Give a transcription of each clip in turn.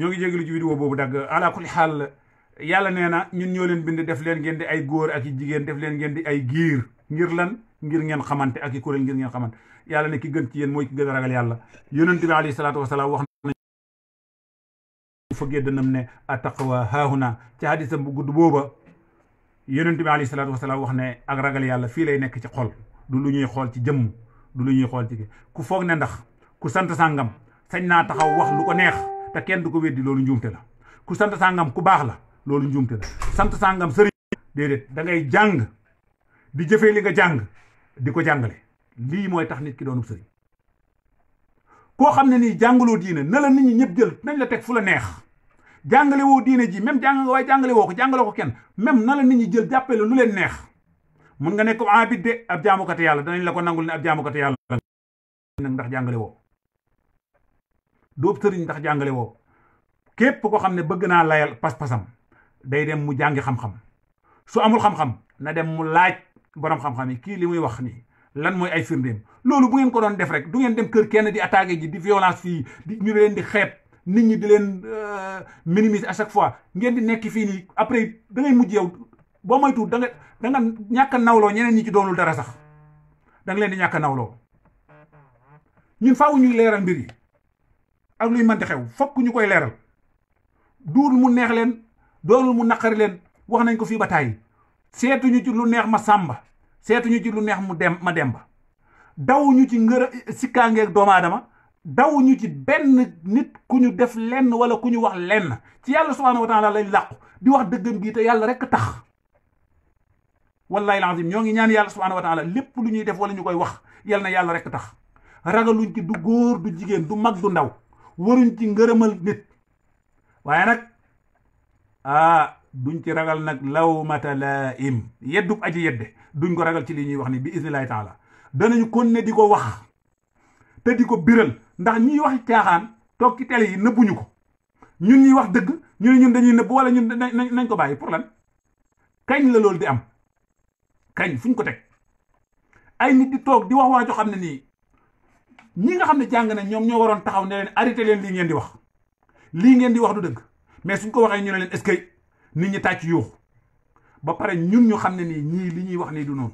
ñoo ngi jégalu ci vidéo boobu dagg ala kulli xaal yàlla nee na ñun ñoo leen bind def leen ngeen di ay góor ak yi jigéen def leen ngeen di ay giir ngir lan ngir ngeen xamante ak i kuréel ngir ngeen xamante yàlla ne ki gën ci yéen mooy ki gën a ragal yàlla yonent bi alayhi salaatu wasalaam wax fëggee dënam ne ataqwa haahuna ci hadisam bu gudd booba yonent bi alayhi salaatu wasalaam wax ne ak ragal yàlla fii lay nekk ci xool du lu ñuy xool ci jëmm du lu ñuy xool ci ku foog ne ndax ku sant sàngam sañ naa taxaw wax lu ko neex te kenn du ko weddi loolu njuumte la ku sant sàngam ku baax la loolu njuumte la sant sàngam sëriñ déedéet da ngay jàng di jëfee li nga jàng di ko jàngale lii mooy tax nit ki doonub sëriñ koo xam ne nii jàngaloo diine na la nit ñi ñëpp jël nañ la teg fu la neex jàngalewoo woo diine ji même jàng nga waaye jàngale woo ko jàngale ko kenn même na la nit ñi jël jàppale lu leen neex mun nga nekk abid de ab jaamukate yàlla danañ la ko nangul ne ab jaamukate yàlla ndax jàngale doob sëriñ tax jàngale woo képp ko xam ne bëgg naa layal pas-pasam day dem mu jàngi xam-xam su amul xam-xam na dem mu laaj borom xam-xam yi kii li muy wax nii lan mooy ay firndeem loolu bu ngeen ko doon def rek du ngeen dem kër kenn di attaqué ji di violence fii di ñu leen di xeeb nit ñi di leen euh, minimiser à chaque fois ngeen di nekk fii nii après da ngay mujj yow boo moytu da nga da nga ñàkk a nawloo ñeneen ñi ci doonul dara sax da nga leen di ñàkk nawloo ñun faaw ñuy leeral mbir yi ak luy mënti xew fokk ñu koy leeral duul mu neex leen doonul mu naqari leen wax nañ ko fii ba tàyyi seetuñu ci lu neex ma sàmba seetuñu ci lu neex mu dem ma demba daw ñu ci ak doomu aadama daw ci benn nit ku ñu def lenn wala ku ñu wax lenn ci yàlla subhanahu wa taala lañ làqu di wax dëggam gii te yàlla rek tax wallahi lazim ñoo ngi ñaan yàlla subhanahu wa taala lépp lu ñuy def wala ñu koy wax yal na yàlla rek tax ragaluñ ci du góor du jigéen du mag du ndaw waruñ ci ngërëmal nit waaye nag ah duñ ci ragal nag lawmata laim yeddub aji yedde duñ ko ragal ci lii ñuy wax ni bi isnillahi taala danañu kon ne di ko wax te di ko biral ndax ñiy wax caaxaan toog ci tele yi nëbbuñu ko ñun ñuy wax dëgg ñu ne ñun dañuy nëbb wala ñun nañ ko bàyyi pour lan kañ la loolu di am kañ fuñ ko teg ay nit di toog di wax waa joo xam ne nii ñi nga xamne jang na ñom ño waron taxaw ne len arrêté len li ngeen di wax li ngeen di wax du deug mais suñ ko waxe ñu ne len est-ce que nit ñi tacc yu ba paré ñun ñu xamne ni ñi li ñi wax ni du non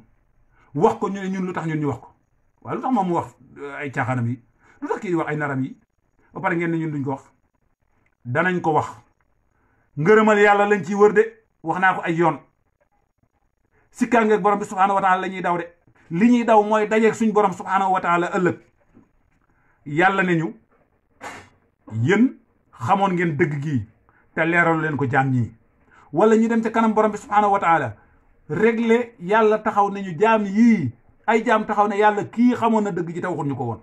wax ko ñu ne ñun lutax ñun ñu wax ko wa lutax mom wax euh, ay tiaxanam yi lutax ki di wax ay naram yi ba paré ngeen ne ñun duñ ko wax danañ ko wax ngeureumal yalla lañ ci wër de wax naa ko ay yoon sikka sikkaangeeg borom subhanahu wa taala lañ ñuy daw de li ñi daw moy dajé suñ borom subhanahu wa taala ëlëk yàlla na ñu yéen xamoon ngeen dëgg gii te leeralu leen ko jaam ñii wala ñu dem ca kanam borom bi subhaanahu wa taala yàlla taxaw nañu jaam yii ay jaam taxaw na yàlla kii xamoon na dëgg ji te waxuñu ko woon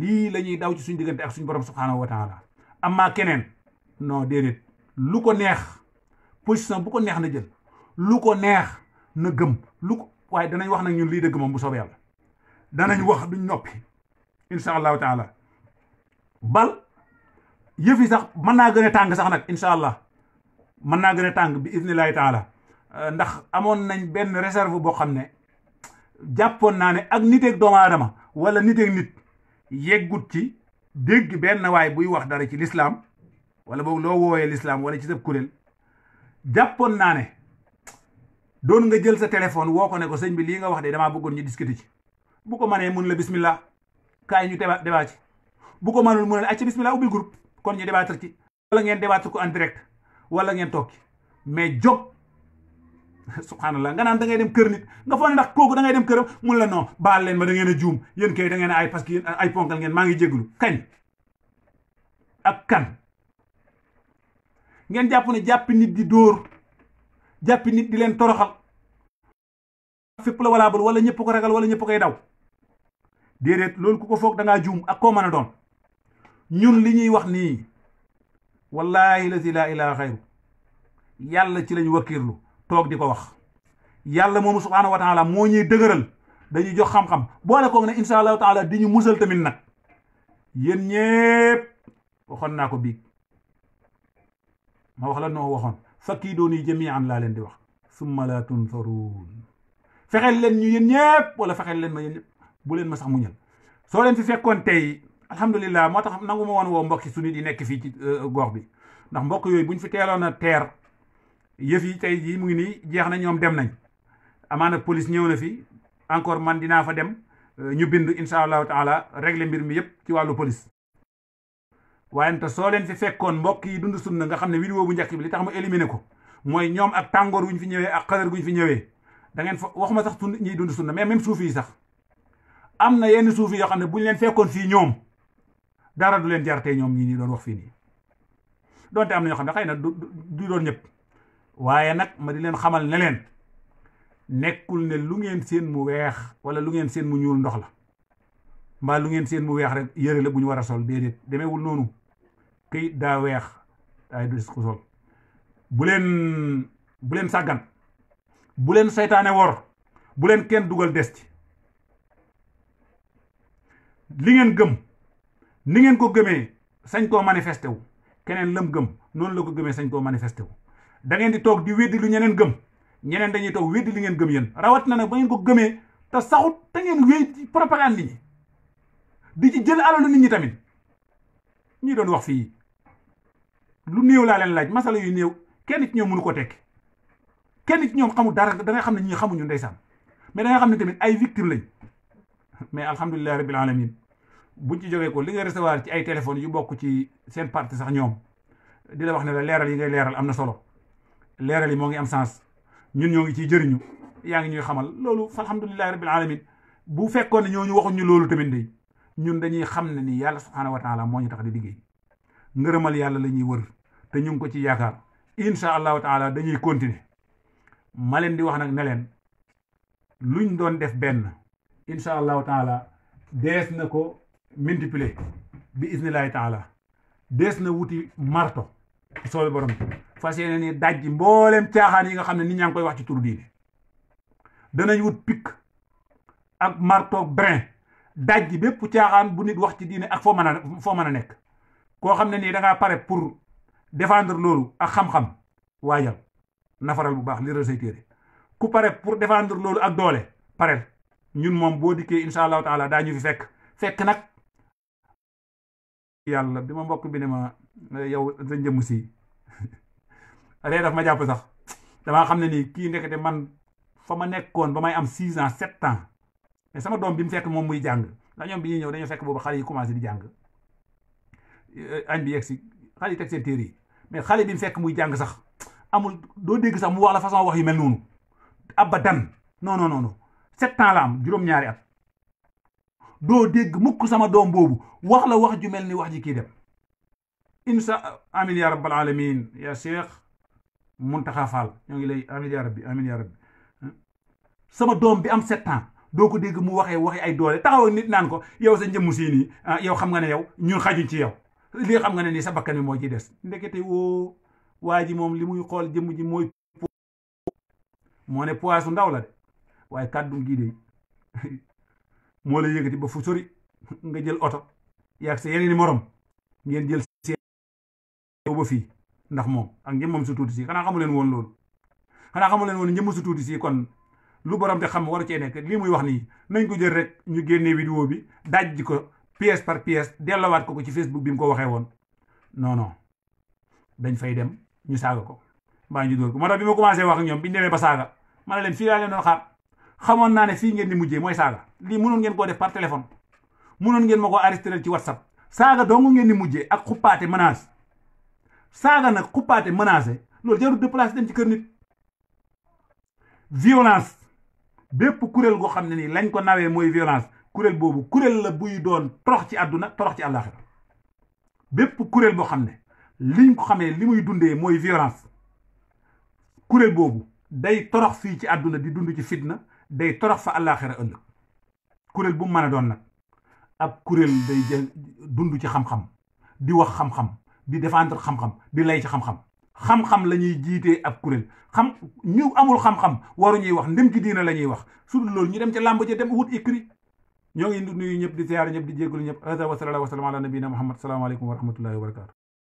lii lañuy daw ci suñ diggante ak suñu borom subhaanahu wa taala amaa keneen non déedéet lu ko neex position bu ko neex na jël lu ko neex na gëm lu ko waaye danañ wax nag ñun lii dëgg moom bu soobee yàlla danañ wax duñ noppi incha allahu taala bal yëf yi sax mën naa gën a tàng sax nag incha allah mën naa gën a tàng bi idnillahi taala ndax amoon nañ benn réserve boo xam ne jàppoon naa ne ak niteeg doomu aadama wala niteeg nit yeggut ci dégg benn waay buy wax dara ci lislaam wala boog loo wooyee lislaam wala ci sab kuréel jàppoon naa ne doon nga jël sa téléphone woo ko ne ko sëñ bi lii nga wax de damaa bëggoon ñu discuter ci bu ko manee mun la bismillah kaay ñu débat débat ci bu ko mënul mu ne acca bismillah ubbil groupe kon ñu débattre ci wala ngeen débattre ko en direct wala ngeen toog mais jóg subhanallah nga naan da ngay dem kër nit nga foog ne ndax kooku da ngay dem këram mun la non baal leen ma da ngeen a juum yéen kay da ngeen ay ay ponkal ngeen maa ngi jégalu kañ ak kan ngeen jàpp ne jàppi nit di dóor jàppi nit di leen toroxal fépp la walaabul wala ñëpp ko ragal wala ñëpp koy daw déedéet loolu ku ko foog da ngaa juum ak koo mën a doon ñun li ñuy wax nii wallahi la laa ilaha xayru yàlla ci lañ wakiirlu toog di ko wax yàlla moomu subhanahu wa taala moo ñuy dëgëral dañuy jox xam-xam boole koog ne insha allahu taala di ñu musal tamit nag yéen ñépp waxoon naa ko biig ma wax la noo waxoon fakki dooni jamian laa leen di wax summa la tunsaruun fexel leen ñu yéen ñépp wala fexel leen ma yéen ñépp bu leen ma sax muñal soo leen fi fekkon tay alhamdullilah motax nanguma won wo mbokki suñu di nek fi ci euh, gox bi ndax mbokk yoy buñ fi teeloon a yef yi tay jii mu ngi ni jeex na ñom dem nañ amana police ñew na fi encore man dina fa dem euh, ñu bind inshallah taala régler mbir mi yep ci walu police. waaye ta soo fi fekkon mbokk yi dund sunna nga xamne ne vidéo bu njëkk bi li tax mu éliminer ko moy ñom ak tangor wu fi ñewé ak xadar gu fi ñewé da ngeen waxuma sax tun ñi dund sunna mais même soufi sax am na yenn suuf yoo xam ne bu ñu leen fekkoon si ñoom dara du leen jar tey ñoom ñi nii doon wax fii nii donte am na ñoo xam ne xay na du du doon ñëpp waaye nag ma di leen xamal ne leen nekkul ne lu ngeen seen mu weex wala lu ngeen seen mu ñuul ndox la mbaa lu ngeen seen mu weex rek yëre la bu ñu war a sol déedéet demeewul noonu këyit daa weex ay du ko sol bu leen bu leen sàggan bu leen saytaane wor bu leen kenn dugal des ci li ngeen gëm ni ngeen ko gëmee sañ koo manifesté wu keneen lam gëm noonu la ko gëmee sañ koo manifesté wu da ngeen di toog di weddi lu ñeneen gëm ñeneen dañuy toog weddi li ngeen gëm yéen rawat na nag ba ngeen ko gëmee te saxut te ngeen wéy propagande nit di ci jël alalu nit ñi tamit ñi doon wax fii lu néew laa leen laaj masala yu néew kenn ci ñoom mënu ko tekki kenn ci ñoom xamu dara da nga xam ne ñii xamuñu ndeysaan mais da nga xam ne tamit ay victime lañ mais alhamdulilah rabbil alamin buñ ci jógee ko li nga recevoir ci ay téléphones yu bokk ci seen parti sax ñoom di la wax ne la leeral yi ngay leeral am na solo leeral yi moo ngi am sens ñun ñoo ngi ciy jëriñu yaa ngi ñuy xamal loolu fa alhamdulilahi rabbil alamin bu fekkoon ne ñooñu waxuñu loolu tamit day ñun dañuy xam ne ni yàlla subhaanahu wa taala moo ñu tax di liggéey ngërëmal yàlla la ñuy wër te ñu ngi ko ci yaakaar incha allahu taala dañuy continuer ma leen di wax nag ne leen luñ doon def benn incha allahu multiplier bi isnillahi taala des na wuti marto soobe borom fasiyene ni dajji mbooleem caaxaan yi nga xamne ne nit ñaa koy wax ci turu diine danañ wut pic ak marto brin dajji bepp caaxaan bu nit wax ci diine ak fo mën fo foo nek a xamne ni da nga pare pour défendre lulu ak xam-xam waajal nafaral bu baax li rël say ku pare pour défendre lolu ak doole pare ñun mom bo dikkee inshallah taala daa ñu fi fekk fekk nak yàlla bi ma mbokk bi ne ma yow sa njëmm si ree daf ma jàpp sax damaa xam ne nii kii ndekete man fa ma nekkoon ba may am six ans sept ans mais sama doom bi mu fekk moom muy jàng ndax ñoom bi ñuy ñëw dañoo fekk boobu xale yi commencé di jàng eh, añ bi yegg si xale yi teg seen téere yi mais xale bi mu fekk muy jàng sax amul doo dégg sax mu wax la façon wax yi mel noonu abadan non non non non sept la am juróom-ñaari at doo dégg mukk sama doom boobu wax la wax ju mel ni wax ji kii dem insha amin ya rabbal alamin ya cheikh muntaxa fall ñoo ngi lay amin ya rabbi amin sama doom bi am sept doo ko dégg mu waxee waxee ay doole taxaw ak nit naan ko yow sa njëmm sii nii ah, yow xam nga ne yow ñun xajuñ ci yow li xam nga ne nii sa bakkan bi moo ci des ndekete woo waa ji moom li muy xool jëmm ji mooy moo ne poids ndaw la de waaye kàddu gii de moo la yëkkati ba fu sori nga jël oto yaag sa yeneen i morom ngeen jël see ba fii ndax moom ak njëmmam su tuuti si xanaa xamu leen woon loolu xanaa xamu leen woon njëmm su tuuti si kon lu borom te xam waru cee nekk lii muy wax nii nañ ko jël rek ñu génne vidéo bi daj ji ko pièce par pièce dellowaat ko ko ci Facebook bi mu ko waxee woon non dañ fay dem ñu saaga ko mbaa ñu dóor ko moo tax bi ma commencé wax ñoom bi ñu demee ba saaga ma xamoon naa ne fii ngeen di mujjee mooy saaga lii mënoon ngeen koo def par téléphone mënoon ngeen ma koo arrêté ci whatsapp saaga dong ngeen di mujjee ak xuppaate menace saaga nag xuppaate menacé loolu jarul déplacé dem ci kër nit violence bépp kuréel goo xam ne nii lañ ko nawee mooy violence kuréel boobu kuréel la buy doon torox ci àdduna torox ci àllaaxira bépp kuréel boo xam ne liñ ko xamee li muy dundee mooy violence kuréel boobu day torox fii ci àdduna di dund ci fitna day torox fa àllaaxira ëllëg kurel bu mu mën a doon nag ab kurel day jël dund ci xam-xam di wax xam-xam di défendre xam-xam di lay ci xam-xam xam-xam la ñuy jiitee ab kurel xam ñu amul xam-xam waru ñuy wax ndem ci diina la ñuy wax su dul loolu ñu dem ci làmb ci dem wut écrit ñoo ngi nuyu ñëpp di siyaar ñëpp di jégalu ñëpp wa sallallahu wa sallam ala nabiyina muhammad salaamaaleykum wa rahmatullahi wa barakatuh